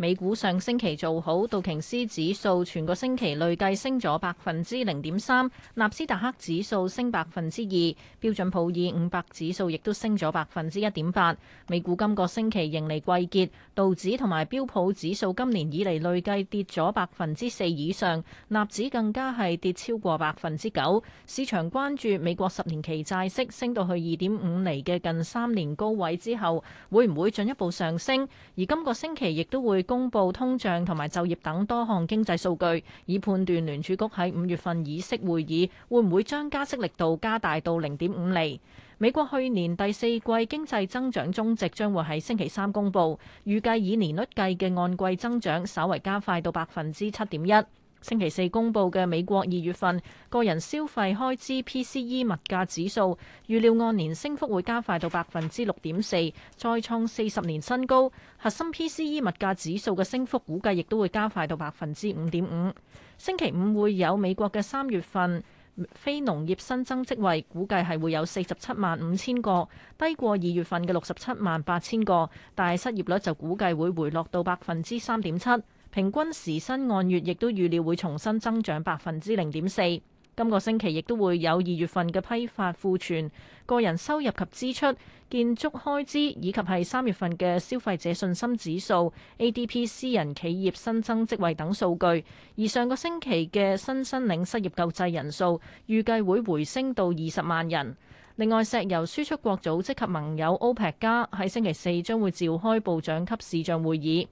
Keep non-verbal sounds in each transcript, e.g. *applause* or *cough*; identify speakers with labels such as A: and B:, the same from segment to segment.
A: 美股上星期做好，道瓊斯指數，全個星期累計升咗百分之零點三，納斯達克指數升百分之二，標準普爾五百指數亦都升咗百分之一點八。美股今個星期盈利季結，道指同埋標普指數今年以嚟累計跌咗百分之四以上，納指更加係跌超過百分之九。市場關注美國十年期債息升到去二點五厘嘅近三年高位之後，會唔會進一步上升？而今個星期亦都會，公布通脹同埋就業等多項經濟數據，以判斷聯儲局喺五月份議息會議會唔會將加息力度加大到零點五厘。美國去年第四季經濟增長終值將會喺星期三公佈，預計以年率計嘅按季增長稍為加快到百分之七點一。星期四公布嘅美國二月份個人消費開支 PCE 物價指數預料按年升幅會加快到百分之六點四，再創四十年新高。核心 PCE 物價指數嘅升幅估計亦都會加快到百分之五點五。星期五會有美國嘅三月份非農業新增職位估計係會有四十七萬五千個，低過二月份嘅六十七萬八千個，但係失業率就估計會回落到百分之三點七。平均時薪按月亦都預料會重新增長百分之零點四。今個星期亦都會有二月份嘅批發庫存、個人收入及支出、建築開支以及係三月份嘅消費者信心指數、ADP 私人企業新增職位等數據。而上個星期嘅新申領失業救濟人數預計會回升到二十萬人。另外，石油輸出國組織及盟友 OPEC 加喺星期四將會召開部長級視像會議。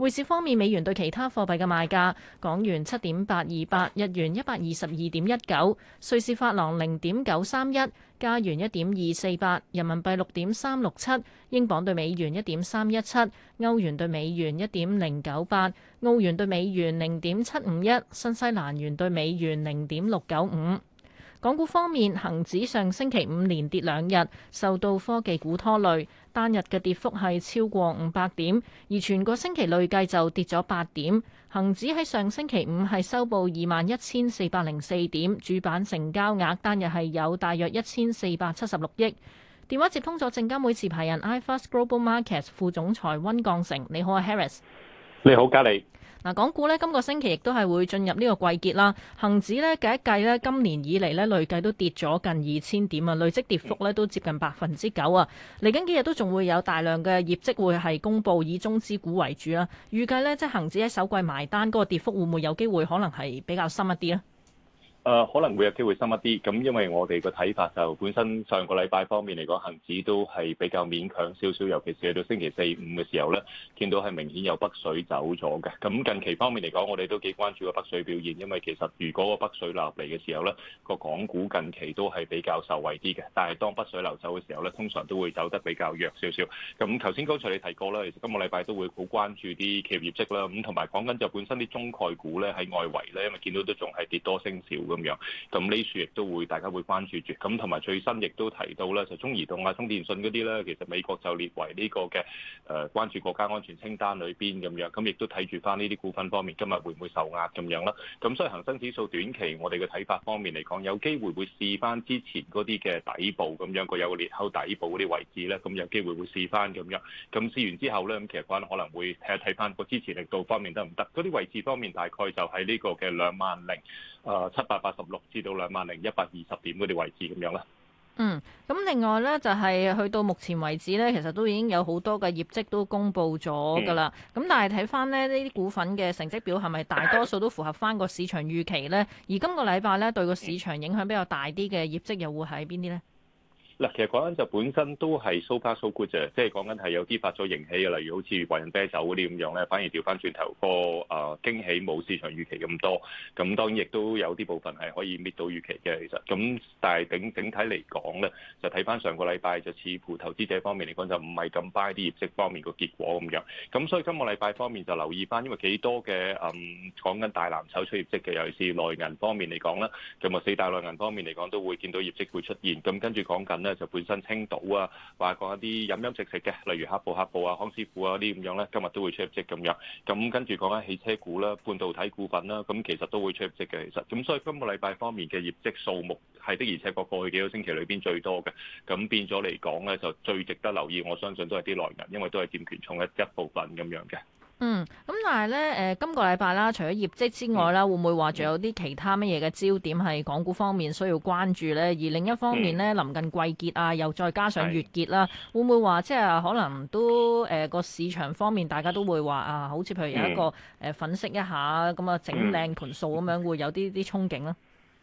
A: 匯市方面，美元對其他貨幣嘅賣價：港元七點八二八，日元一百二十二點一九，瑞士法郎零點九三一，加元一點二四八，人民幣六點三六七，英鎊對美元一點三一七，歐元對美元一點零九八，澳元對美元零點七五一，新西蘭元對美元零點六九五。港股方面，恒指上星期五連跌兩日，受到科技股拖累。單日嘅跌幅係超過五百點，而全個星期累計就跌咗八點。恒指喺上星期五係收報二萬一千四百零四點，主板成交額單日係有大約一千四百七十六億。電話接通咗證監會持牌人 iFast Global Markets 副總裁温鋼成，你好啊，Harris。
B: 你好，嘉莉。
A: 嗱，港股呢，今個星期亦都係會進入呢個季節啦。恒指呢，計一計咧，今年以嚟呢，累計都跌咗近二千點啊，累積跌幅呢都接近百分之九啊。嚟緊幾日都仲會有大量嘅業績會係公布，以中資股為主啦、啊。預計呢，即係恆指喺首季埋單嗰、那個跌幅，會唔會有機會可能係比較深一啲呢？
B: 誒可能會有機會深一啲，咁因為我哋個睇法就本身上個禮拜方面嚟講，恆指都係比較勉強少少，尤其是去到星期四五嘅時候咧，見到係明顯有北水走咗嘅。咁近期方面嚟講，我哋都幾關注個北水表現，因為其實如果個北水流入嚟嘅時候咧，個港股近期都係比較受惠啲嘅。但係當北水流走嘅時候咧，通常都會走得比較弱少少。咁頭先剛才你提過啦，其實今個禮拜都會好關注啲企業業績啦。咁同埋講緊就本身啲中概股咧喺外圍咧，因為見到都仲係跌多升少。咁樣，咁呢處亦都會大家會關注住。咁同埋最新亦都提到啦，就中移動啊、中電信嗰啲咧，其實美國就列為呢個嘅誒、呃、關注國家安全清單裏邊咁樣。咁亦都睇住翻呢啲股份方面，今日會唔會受壓咁樣啦？咁所以恒生指數短期我哋嘅睇法方面嚟講，有機會會試翻之前嗰啲嘅底部咁樣，有個有個裂口底部嗰啲位置咧，咁有機會會試翻咁樣。咁試完之後咧，咁其實關可能會睇一睇翻個支持力度方面得唔得？嗰啲位置方面大概就喺呢個嘅兩萬零。誒七百八十六至到兩萬零一百二十點嗰啲位置咁樣啦。
A: 嗯，咁另外呢，就係、是、去到目前為止呢，其實都已經有好多嘅業績都公布咗噶啦。咁、嗯、但係睇翻呢呢啲股份嘅成績表係咪大多數都符合翻個市場預期呢？而今個禮拜呢，對個市場影響比較大啲嘅業績又會喺邊啲呢？
B: 嗱，其實講緊就本身都係 so far so good 啫，即係講緊係有啲發咗盈喜嘅，例如好似華人啤酒嗰啲咁樣咧，反而調翻轉頭個誒驚喜冇市場預期咁多，咁當然亦都有啲部分係可以搣到預期嘅，其實咁，但係整整體嚟講咧，就睇翻上個禮拜就似乎投資者方面嚟講就唔係咁 buy 啲業績方面個結果咁樣，咁所以今個禮拜方面就留意翻，因為幾多嘅誒講緊大藍籌出業績嘅，尤其是內銀方面嚟講啦，咁啊四大內銀方面嚟講都會見到業績會出現，咁跟住講緊咧。就本身青島啊，或講一啲飲飲食食嘅，例如黑布黑布啊、康師傅啊啲咁樣咧，今日都會出業績咁樣。咁跟住講緊汽車股啦、啊、半導體股份啦、啊，咁其實都會出業績嘅。其實，咁所以今個禮拜方面嘅業績數目係的而且確過,過去幾個星期裏邊最多嘅。咁變咗嚟講咧，就最值得留意，我相信都係啲內銀，因為都係佔權重一一部分咁樣嘅。
A: 嗯，咁但係咧，誒、呃、今個禮拜啦，除咗業績之外啦，嗯、會唔會話仲有啲其他乜嘢嘅焦點係港股方面需要關注呢？而另一方面呢，嗯、臨近季結啊，又再加上月結啦、啊，嗯、會唔會話即係可能都誒個、呃、市場方面大家都會話啊，好似譬如有一個誒、嗯呃、粉飾一下咁啊，整靚盤數咁樣，會有啲啲憧憬呢？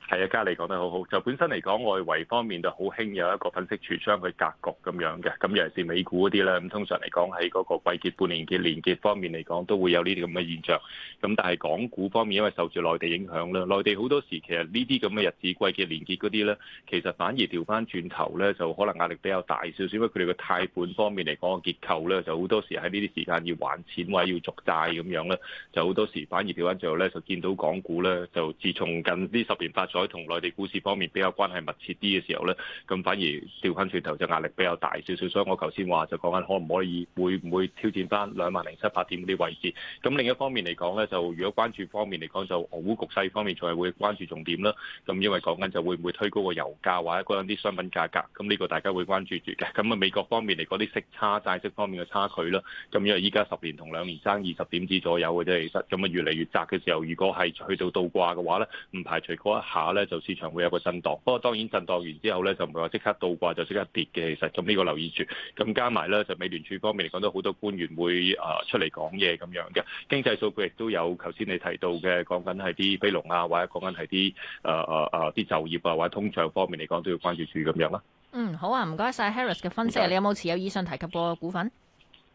B: 係啊，嘉利講得好好。就本身嚟講，外圍方面就好興有一個粉飾櫥窗去格局咁樣嘅。咁尤其是美股嗰啲咧，咁通常嚟講喺嗰個季結半年結年結方面嚟講，都會有呢啲咁嘅現象。咁但係港股方面，因為受住內地影響啦，內地好多時其實呢啲咁嘅日子季結年結嗰啲咧，其實反而調翻轉頭咧，就可能壓力比較大少少，因為佢哋嘅貸款方面嚟講嘅結構咧，就好多時喺呢啲時間要還錢或者要續債咁樣咧，就好多時反而調翻最後咧，就見到港股咧，就自從近呢十年發生。同內地股市方面比較關係密切啲嘅時候呢，咁反而掉翻轉頭就壓力比較大少少。所以我頭先話就講緊可唔可以會唔會挑戰翻兩萬零七百點嗰啲位置。咁另一方面嚟講呢，就如果關注方面嚟講，就俄烏局勢方面仲係會關注重點啦。咁因為講緊就會唔會推高個油價或者嗰啲商品價格。咁呢個大家會關注住嘅。咁啊美國方面嚟講啲息差、債息方面嘅差距啦。咁因為依家十年同兩年爭二十點子左右嘅啫，其實咁啊越嚟越窄嘅時候，如果係去到倒掛嘅話呢，唔排除嗰一下。話咧就市場會有個震盪，不過當然震盪完之後咧就唔會話即刻倒掛就即刻跌嘅，其實咁呢個留意住。咁加埋咧就美聯儲方面嚟講都好多官員會啊出嚟講嘢，咁樣嘅經濟數據亦都有，頭先你提到嘅講緊係啲非農啊，或者講緊係啲啊啊啊啲就業啊，或者通脹方面嚟講都要關注住咁樣啦。嗯，
A: 好啊，唔該晒。Harris 嘅分析，謝謝你，你有冇持有以上提及過股份？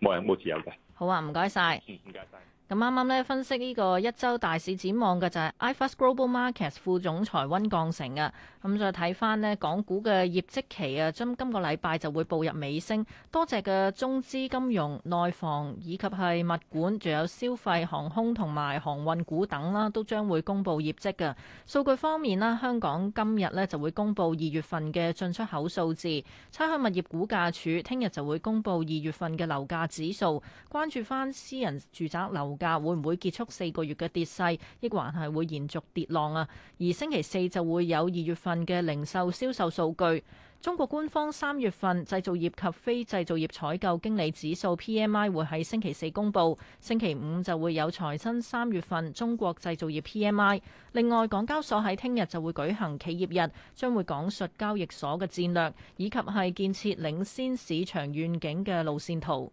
A: 冇
B: 有冇持有嘅。好啊，唔
A: 該晒。嗯，唔該曬。咁啱啱咧分析呢個一周大市展望嘅就係 iFAST Global Markets 副總裁温鋼城啊，咁再睇翻咧，港股嘅業績期啊，將今個禮拜就會步入尾聲，多隻嘅中資金融、內房以及係物管，仲有消費航空同埋航運股等啦，都將會公布業績嘅數據方面啦。香港今日咧就會公布二月份嘅進出口數字。差餉物業估價署聽日就會公布二月份嘅樓價指數，關注翻私人住宅樓價會唔會結束四個月嘅跌勢，亦還係會延續跌浪啊？而星期四就會有二月份嘅零售銷售數據。中國官方三月份製造業及非製造業採購經理指數 PMI 會喺星期四公布，星期五就會有財新三月份中國製造業 PMI。另外，港交所喺聽日就會舉行企業日，將會講述交易所嘅戰略，以及係建設領先市場願景嘅路綫圖。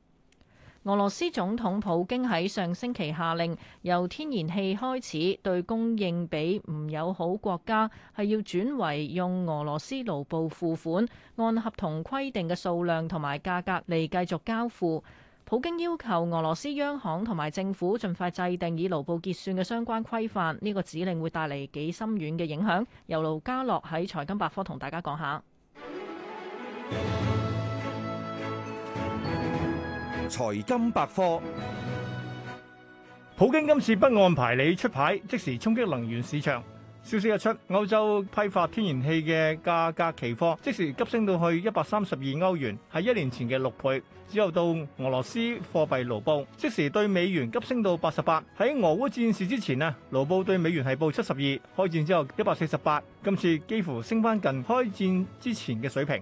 A: 俄羅斯總統普京喺上星期下令，由天然氣開始對供應俾唔友好國家，係要轉為用俄羅斯盧布付款，按合同規定嘅數量同埋價格嚟繼續交付。普京要求俄羅斯央行同埋政府盡快制定以盧布結算嘅相關規範。呢、這個指令會帶嚟幾深遠嘅影響。由盧家樂喺財金百科同大家講下。 *music* 財
C: 金百科，普京今次不按牌理出牌，即時衝擊能源市場。消息一出，歐洲批發天然氣嘅價格期貨即時急升到去一百三十二歐元，係一年前嘅六倍。之後到俄羅斯貨幣盧布，即時對美元急升到八十八。喺俄烏戰事之前呢，盧布對美元係報七十二，開戰之後一百四十八，今次幾乎升返近開戰之前嘅水平。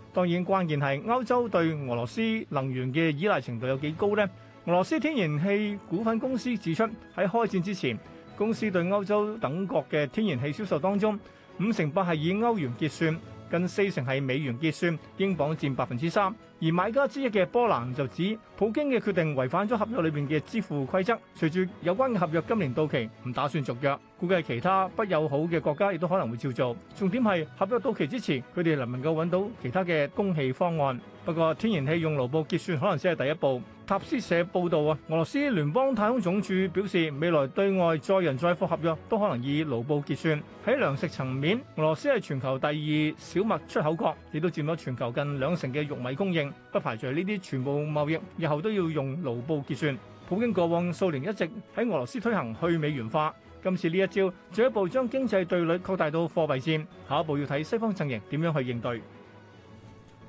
C: 當然關鍵係歐洲對俄羅斯能源嘅依賴程度有幾高呢？俄羅斯天然氣股份公司指出，喺開戰之前，公司對歐洲等國嘅天然氣銷售當中，五成八係以歐元結算，近四成係美元結算，英鎊佔百分之三。而買家之一嘅波蘭就指，普京嘅決定違反咗合約裏面嘅支付規則。隨住有關嘅合約今年到期，唔打算續約。估計其他不友好嘅國家亦都可能會照做。重點係合約到期之前，佢哋能唔能夠揾到其他嘅供氣方案。不過，天然氣用盧布結算可能先係第一步。塔斯社報道啊，俄羅斯聯邦太空總署表示，未來對外載人載貨合約都可能以盧布結算。喺糧食層面，俄羅斯係全球第二小麥出口國，亦都佔咗全球近兩成嘅玉米供應。不排除呢啲全部貿易日後都要用盧布結算。普京過往數年一直喺俄羅斯推行去美元化。今次呢一招，進一步將經濟對壘擴大到貨幣戰，下一步要睇西方陣營點樣去應對。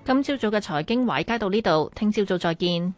A: 今朝早嘅財經華爾街到呢度，聽朝早再見。